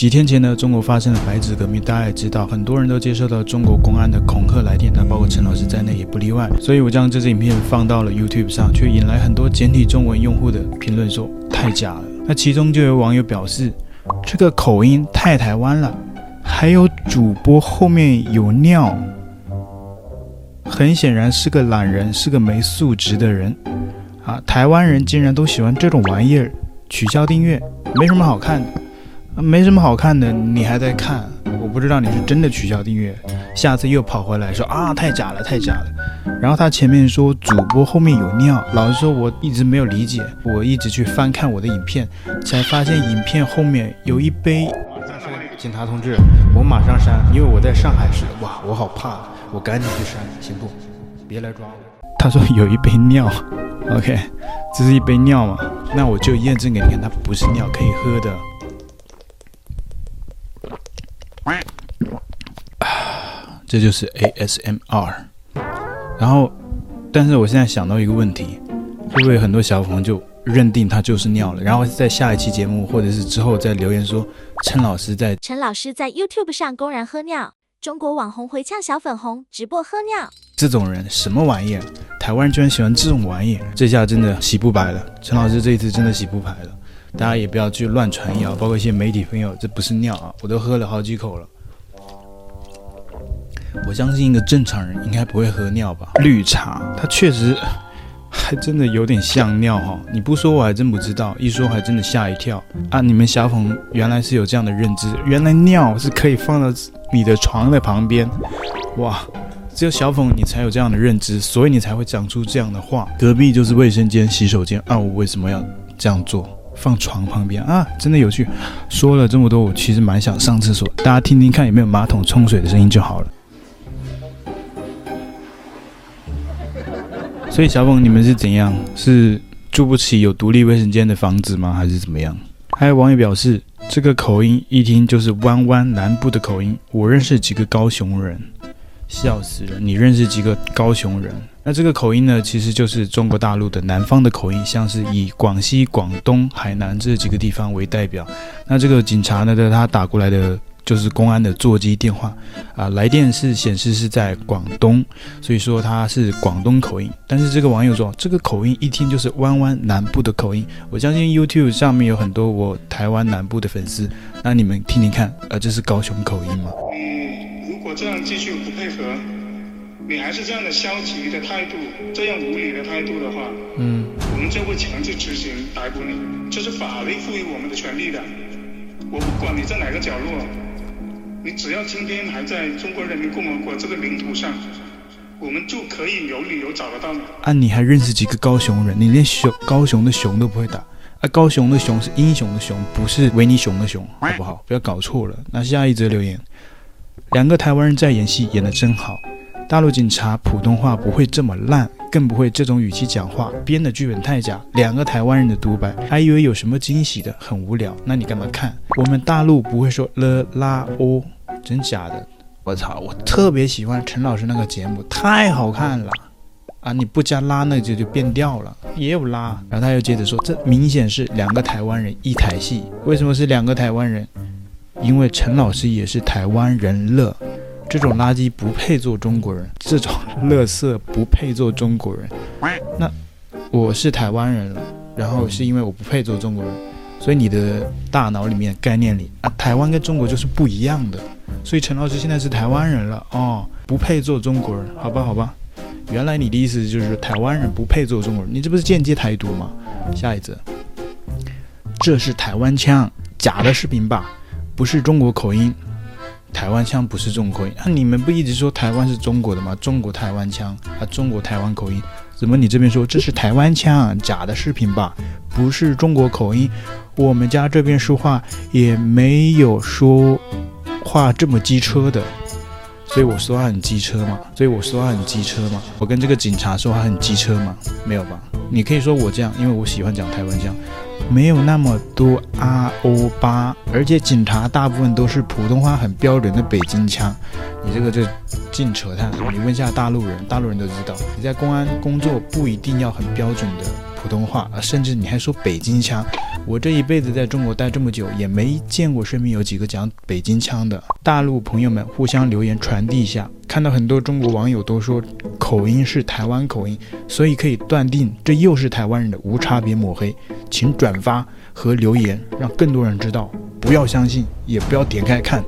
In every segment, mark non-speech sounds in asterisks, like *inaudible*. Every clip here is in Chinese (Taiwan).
幾天前呢，中國發生了白紙革命，大家也知道，很多人都接收到中國公安的恐嚇來電，那包括陳老師在內也不例外。所以，我將這支影片放到了 YouTube 上，卻引來很多簡體中文用戶的評論說，說太假了。那其中就有網友表示，這個口音太台灣了，還有主播後面有尿，很顯然是個懶人，是個沒素質的人。啊，台灣人竟然都喜歡這種玩意兒，取消訂閱，沒什麼好看的。沒什麼好看的，你還在看？我不知道你是真的取消訂閱，下次又跑回來說啊，太假了，太假了。然後他前面說主播後面有尿，老實說我一直沒有理解，我一直去翻看我的影片，才發現影片後面有一杯。警察同志，我馬上刪，因為我在上海市。哇，我好怕，我趕緊去刪，行不？別來抓我。他說有一杯尿，OK，這是一杯尿嘛，那我就驗證給你看，它不是尿，可以喝的。這就是 ASMR，然後，但是我現在想到一個問題，會不會很多小朋友就認定他就是尿了？然後在下一期節目或者是之後再留言說，陳老師在陳老師在 YouTube 上公然喝尿，中國網紅回嗆小粉紅直播喝尿，這種人什麼玩意啊？台灣居然喜歡這種玩意，這下真的洗不白了。陳老師這一次真的洗不白了，大家也不要去亂傳謠，包括一些媒體朋友，這不是尿啊，我都喝了好幾口了。我相信一個正常人應該不會喝尿吧？綠茶，它確實還真的有點像尿哈、哦。你不說我還真不知道，一說我還真的嚇一跳啊！你們小粉原來是有這樣的認知，原來尿是可以放到你的床的旁邊，哇！只有小粉你才有這樣的認知，所以你才會講出這樣的話。隔壁就是衛生間、洗手間啊，我為什麼要這樣做？放床旁邊啊，真的有趣。說了這麼多，我其實蠻想上廁所，大家聽聽看有沒有馬桶沖水的聲音就好了。所以小粉，你們是怎樣？是住不起有獨立衛生間的房子嗎？還是怎麼樣？還有網友表示，這個口音一聽就是灣灣南部的口音。我認識幾個高雄人，笑死人！你認識幾個高雄人？那這個口音呢，其實就是中國大陸的南方的口音，像是以廣西、廣東、海南這幾個地方為代表。那這個警察呢，在他打過來的。就是公安的座機電話啊、呃，來電是顯示是在廣東，所以說它是廣東口音。但是這個網友說，這個口音一聽就是灣灣南部的口音。我相信 YouTube 上面有很多我台灣南部的粉絲，那你們聽聽看，啊、呃，這是高雄口音嗎？你、嗯、如果這樣繼續不配合，你還是這樣的消極的態度，這樣無理的態度的話，嗯，我們就會強制執行逮捕你，這是法律賦予我們的權利的。我不管你在哪個角落。你只要今天還在中國人民共和國這個領土上，我們就可以有理由找得到你。啊，你還認識幾個高雄人？你連雄高雄的雄都不會打啊！高雄的雄是英雄的雄，不是維尼熊的熊，好不好？不要搞錯了。那下一則留言：兩個台灣人在演戲，演得真好。大陸警察普通話不會這麼爛。更不會這種語氣講話，編的劇本太假，兩個台灣人的獨白，還以為有什麼驚喜的，很無聊。那你幹嘛看？我們大陸不會說了，拉哦，真假的，我操，我特別喜歡陳老師那個節目，太好看了啊！你不加拉那就就變調了，也有拉。然後他又接着說，這明顯是兩個台灣人一台戲，為什麼是兩個台灣人？因為陳老師也是台灣人了。這種垃圾不配做中國人，這種垃圾不配做中國人。那我是台灣人了，然後是因為我不配做中國人，所以你的大腦裡面概念裡啊，台灣跟中國就是不一樣的。所以陳老師現在是台灣人了哦，不配做中國人，好吧好吧。原來你的意思就是台灣人不配做中國人，你這不是間接台獨嗎？下一次，這是台灣腔，假的視頻吧，不是中國口音。台灣腔不是重口音？那、啊、你們不一直說台灣是中國的嗎？中國台灣腔啊，中國台灣口音，怎麼你這邊說這是台灣腔啊？假的視頻吧，不是中國口音。我們家這邊說話也沒有說話這麼機車的，所以我說話很機車嘛，所以我說話很機車嘛，我跟這個警察說話很機車嘛，沒有吧？你可以說我這樣，因為我喜歡講台灣腔。沒有那麼多阿、啊、歐巴，而且警察大部分都是普通話很標準的北京腔，你這個就淨扯淡。你問一下大陸人，大陸人都知道，你在公安工作不一定要很標準的，普通話，甚至你還說北京腔。我這一輩子在中國待這麼久，也沒見過身邊有幾個講北京腔的。大陸朋友們互相留言傳遞一下，看到很多中國網友都說口音是台灣口音，所以可以斷定這又是台灣人的無差別抹黑。請轉發和留言，讓更多人知道，不要相信，也不要點開看。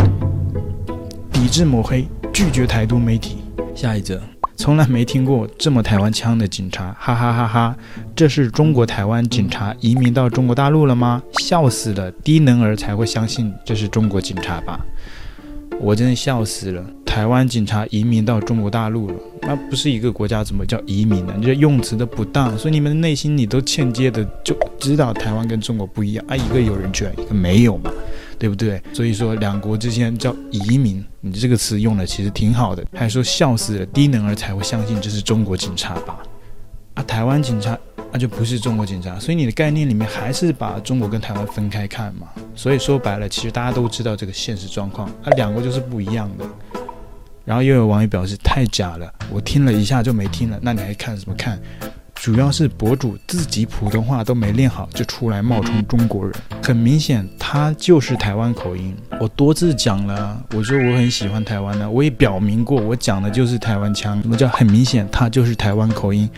抵制抹黑，拒絕台獨媒體。下一則。從來沒聽過這麼台灣腔的警察，哈哈哈哈！這是中國台灣警察移民到中國大陸了嗎？笑死了，低能兒才會相信這是中國警察吧？我真的笑死了，台灣警察移民到中國大陸了，那不是一個國家，怎麼叫移民呢、啊？你這用詞都不當，所以你們的內心你都間接的就知道台灣跟中國不一樣啊、哎，一個有人權，一個沒有嘛。對不對？所以說兩國之間叫移民，你這個詞用的其實挺好的。還說笑死了，低能兒才會相信這是中國警察吧？啊，台灣警察那，啊，就不是中國警察，所以你的概念裡面還是把中國跟台灣分開看嘛。所以說白了，其實大家都知道這個現實狀況，啊，兩國就是不一樣的。然後又有網友表示太假了，我聽了一下就沒聽了，那你還看什麼看？主要是博主自己普通話都沒練好，就出來冒充中國人。很明顯，他就是台灣口音。我多次講了，我說我很喜歡台灣的，我也表明過，我講的就是台灣腔。什麼叫？很明顯，他就是台灣口音，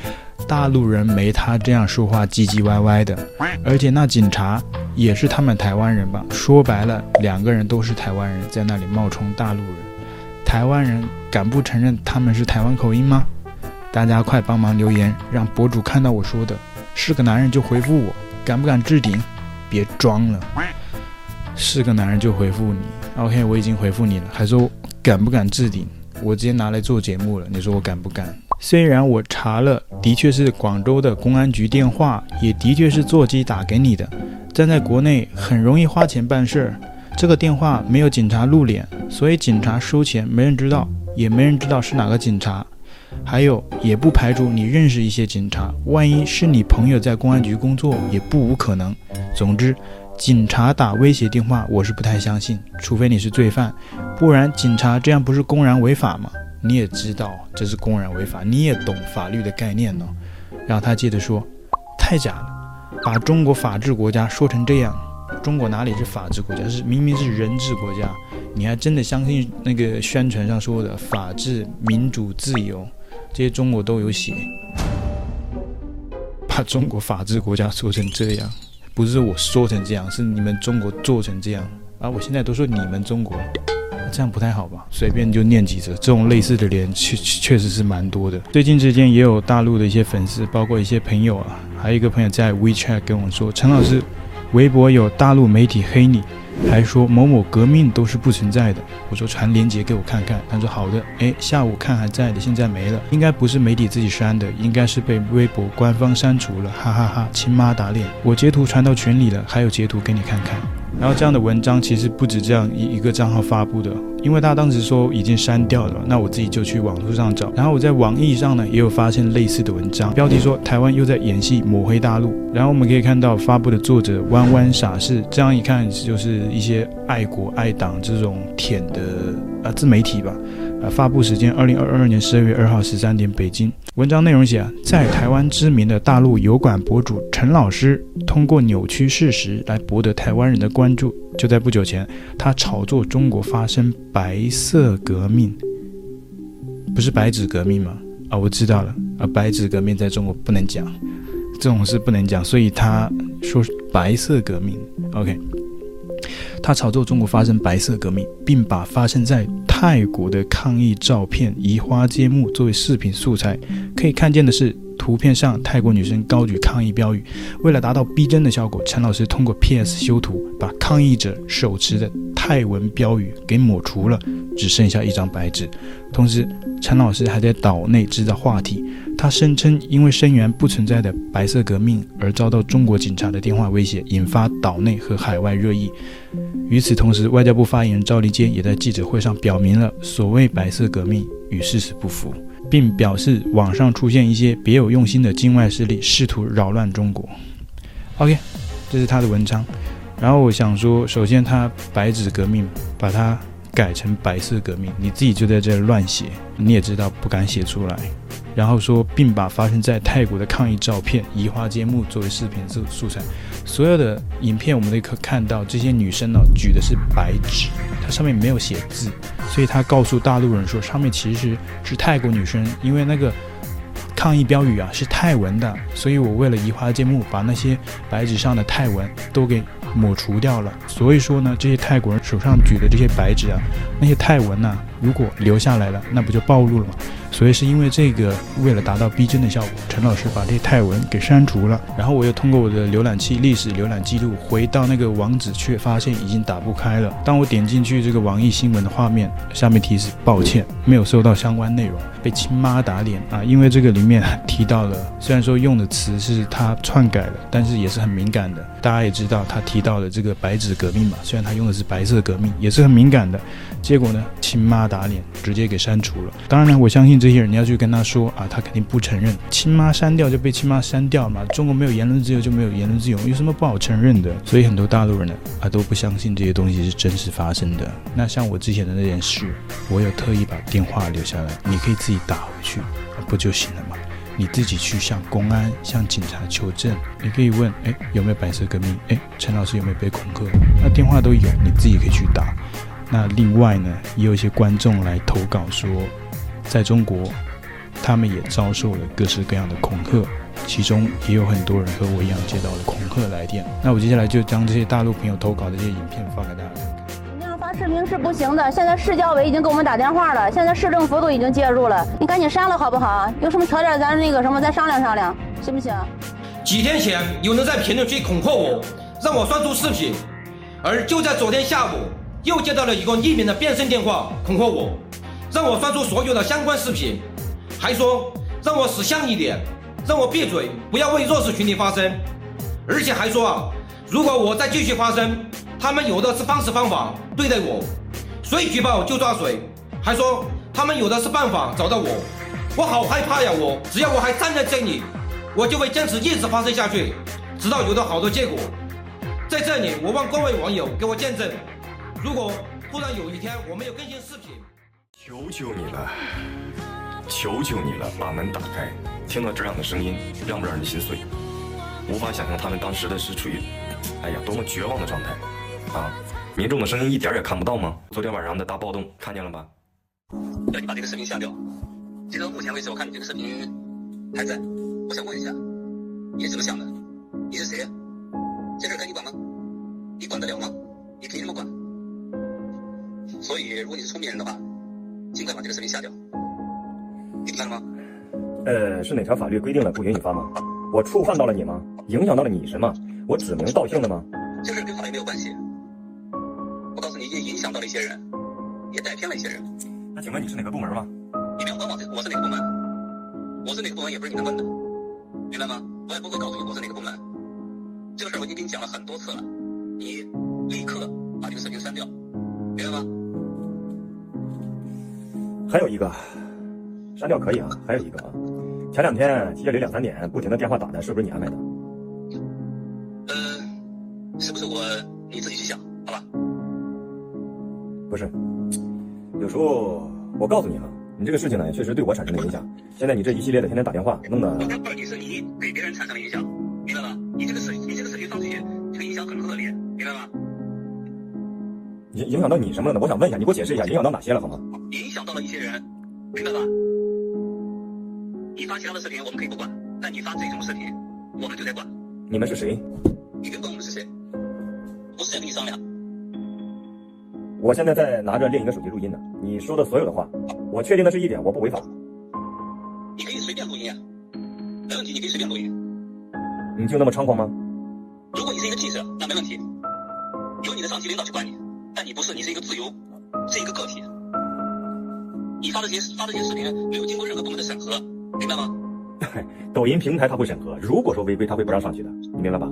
大陸人沒他這樣說話唧唧歪歪的。而且那警察也是他們台灣人吧？說白了，兩個人都是台灣人，在那裡冒充大陸人。台灣人敢不承認他們是台灣口音嗎？大家快幫忙留言，讓博主看到我說的。是個男人就回復我，敢不敢置頂？別裝了，是個男人就回復你。OK，我已經回復你了，還說敢不敢置頂？我直接拿來做節目了。你說我敢不敢？雖然我查了，的確是廣州的公安局電話，也的確是座機打給你的，但在國內很容易花錢辦事兒。這個電話沒有警察露臉，所以警察收錢沒人知道，也沒人知道是哪個警察。還有，也不排除你認識一些警察，萬一是你朋友在公安局工作，也不無可能。總之，警察打威脅電話，我是不太相信，除非你是罪犯，不然警察這樣不是公然違法嗎？你也知道這是公然違法，你也懂法律的概念呢、哦。然後他接着說，太假了，把中國法治國家說成這樣，中國哪裡是法治國家，是明明是人治國家，你還真的相信那個宣傳上說的法治、民主、自由？這些中國都有寫，把中國法治國家說成這樣，不是我說成這樣，是你們中國做成這樣。啊，我現在都說你們中國，這樣不太好吧？隨便就念幾則，這種類似的臉，確實確實是蠻多的。最近之間也有大陸的一些粉絲，包括一些朋友啊，還有一個朋友在 WeChat 跟我說：“陳老師。”微博有大陸媒體黑你，還說某某革命都是不存在的。我說傳鏈接給我看看，他說好的。哎，下午看還在的，現在沒了，應該不是媒體自己刪的，應該是被微博官方刪除了，哈哈哈哈，親媽打臉！我截圖傳到群裡了，還有截圖給你看看。然後這樣的文章其實不止這樣一一個賬號發布的。因為他當時說已經刪掉了，那我自己就去網絡上找。然後我在網易上呢也有發現類似的文章，標題說，台灣又在演戲抹黑大陸。然後我們可以看到發布的作者彎彎傻事，這樣一看就是一些愛國愛黨這種舔的啊自媒體吧。啊，發布時間二零二二年十二月二號十三點北京。文章內容寫啊，在台灣知名的大陸油管博主陳老師通過扭曲事實來博得台灣人的關注。就在不久前，他炒作中國發生白色革命，不是白紙革命嗎？啊，我知道了，啊，白紙革命在中國不能講，這種事不能講，所以他說白色革命，OK。他炒作中國發生白色革命，並把發生在泰國的抗議照片移花接木作為視頻素材。可以看見的是，圖片上泰國女生高舉抗議標語。為了達到逼真的效果，陳老師通過 PS 修圖，把抗議者手持的泰文標語給抹除了，只剩下一張白紙。同時，陳老師還在島內制造話題。他聲稱，因為聲援不存在的“白色革命”而遭到中國警察的電話威脅，引發島內和海外熱議。與此同時，外交部發言人趙立堅也在記者會上表明了所謂“白色革命”與事實不符，並表示網上出現一些別有用心的境外勢力試圖擾亂中國。OK，這是他的文章。然後我想說，首先他“白紙革命”把它改成“白色革命”，你自己就在這亂寫，你也知道不敢寫出來。然後說，並把發生在泰國的抗議照片移花接木作為視頻素素材。所有的影片我們都可以看到，這些女生呢舉的是白紙，它上面沒有寫字。所以她告訴大陸人說，上面其實是泰國女生，因為那個抗議標語啊是泰文的，所以我為了移花接木，把那些白紙上的泰文都給抹除掉了。所以說呢，這些泰國人手上舉的這些白紙啊，那些泰文呢、啊，如果留下來了，那不就暴露了嗎？所以是因為這個，為了達到逼真的效果，陳老師把這些泰文給刪除了。然後我又通過我的瀏覽器歷史瀏覽記錄回到那個網址，卻發現已經打不開了。當我點進去這個網易新聞的畫面，下面提示：抱歉，沒有收到相關內容。被親媽打臉啊！因為這個裡面提到了，雖然說用的詞是他篡改的，但是也是很敏感的。大家也知道，他提到了這個“白紙革命”嘛，雖然他用的是“白色革命”，也是很敏感的。結果呢，親媽打臉，直接給刪除了。當然呢，我相信這。你要去跟他說啊，他肯定不承認。親媽刪掉就被親媽刪掉嘛。中國沒有言論自由就沒有言論自由，有什麼不好承認的？所以很多大陸人呢，啊都不相信這些東西是真實發生的。那像我之前的那件事，我有特意把電話留下來，你可以自己打回去，啊、不就行了嗎？你自己去向公安、向警察求證，你可以問：誒，有沒有白色革命？誒，陳老師有沒有被恐嚇？那電話都有，你自己可以去打。那另外呢，也有一些觀眾來投稿說，在中國，他們也遭受了各式各樣的恐嚇，其中也有很多人和我一樣接到了恐嚇來電。那我接下來就將這些大陸朋友投稿的這些影片發給大家。你這樣發視頻是不行的，現在市教委已經給我們打電話了，現在市政府都已經介入了，你趕緊刪了好不好？有什麼條件咱那個什麼再商量商量，行不行？幾天前有人在評論區恐嚇我，讓我刪除視頻，而就在昨天下午又接到了一個匿名的變聲電話恐嚇我。讓我刪除所有的相關視頻，還說讓我識相一點，讓我閉嘴，不要為弱勢群體發聲，而且還說啊，如果我再繼續發聲，他們有的是方式方法對待我，誰舉報就抓誰，還說他們有的是辦法找到我，我好害怕呀！我只要我還站在這裡，我就會堅持一直發聲下去，直到有了好的結果。在這裡，我望各位網友給我見證。如果突然有一天我沒有更新視頻。求求你了，求求你了，把門打開！聽到這樣的聲音，讓不讓人的心碎？無法想象他們當時的是處於，哎呀，多麼絕望的狀態！啊，民眾的聲音一點也看不到嗎？昨天晚上的大暴動，看見了吧？要你把這個視頻下掉！截至目前為止，我看你這個視頻還在。我想問一下，你是怎麼想的？你是誰呀？這事該你管嗎？你管得了嗎？你可以這麼管？所以，如果你是聰明人的話。儘快把這個視頻下掉，聽明白了嗎？呃，是哪條法律規定的不允許你發嗎？我觸犯到了你嗎？影響到了你什麼？我指名道姓的嗎？這事跟法律沒有關係。我告訴你，也影響到了一些人，也帶偏了一些人。那請問你是哪個部門嗎？你別管我，我是哪個部門？我是哪個部門也不是你能問的，明白嗎？我也不會告訴你我是哪個部門。這個事我已經跟你講了很多次了，你立刻把這個視頻刪掉，明白嗎？還有一個，刪掉可以啊。還有一個啊，前兩天夜裡兩三點不停的電話打的，是不是你安排的？呃，是不是我？你自己去想，好吧。不是，有時候我告訴你啊，你這個事情呢，也確實對我產生了影響。現在你這一系列的天天打電話，弄得……那、呃、不是你是你給別人產生了影響，明白嗎？你這個事，你這個事情到底，這個影響很惡劣，明白嗎？影響到你什麼了呢？我想問一下，你給我解釋一下影響到哪些了，好嗎？影響到了一些人，明白吧？你發其他的視頻我們可以不管，但你發這種視頻我們就得管。你們是誰？你跟我們是誰？不是在跟你商量。我現在在拿着另一個手機錄音呢。你說的所有的話，我確定的是一點，我不違法。你可以隨便錄音啊，沒問題，你可以隨便錄音。你就那麼猖狂嗎？如果你是一個記者，那沒問題，由你的上級領導去管你。但你不是，你是一個自由，是一個個體。你發的這些發的這些視頻沒有經過任何部門的審核，明白嗎？ *laughs* 抖音平台他會審核，如果說違規，他會不讓上去的，你明白吧？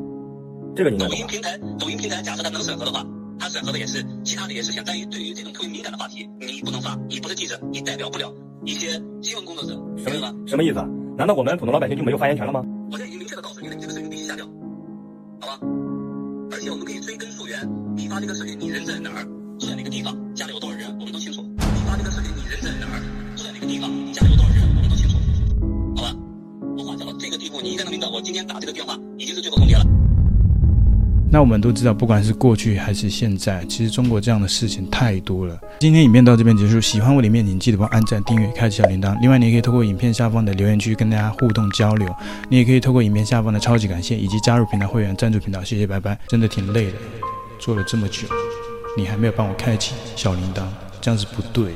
這個你明白嗎？抖音平台，抖音平台，假設它能審核的話，它審核的也是其他的也是，相當於對於這種特別敏感的話題，你不能發，你不是記者，你代表不了一些新聞工作者。什麼意思？什麼意思？難道我們普通老百姓就沒有發言權了嗎？我現在已經明確的告訴你了，你這個視頻必須下掉，好吧？而且我們可以追根。你發這個你人在哪兒？住在哪個地方？家裡有多少人？我們都清楚。你發這個你人在哪兒？住在哪個地方？家裡有多少人？我們都清楚。好吧，我到這個地步，你能明白。我今天打這個電話已經是最後通牒了。那我們都知道，不管是過去還是現在，其實中國這樣的事情太多了。今天影片到這邊結束，喜歡我的影片，請記得幫我按讚、訂閱、開啟小鈴鐺。另外，你也可以透過影片下方的留言區跟大家互動交流。你也可以透過影片下方的超級感謝以及加入平台會員、贊助頻道。謝謝，拜拜。真的挺累的，做了這麼久，你還沒有幫我開啟小鈴鐺，這樣子不對。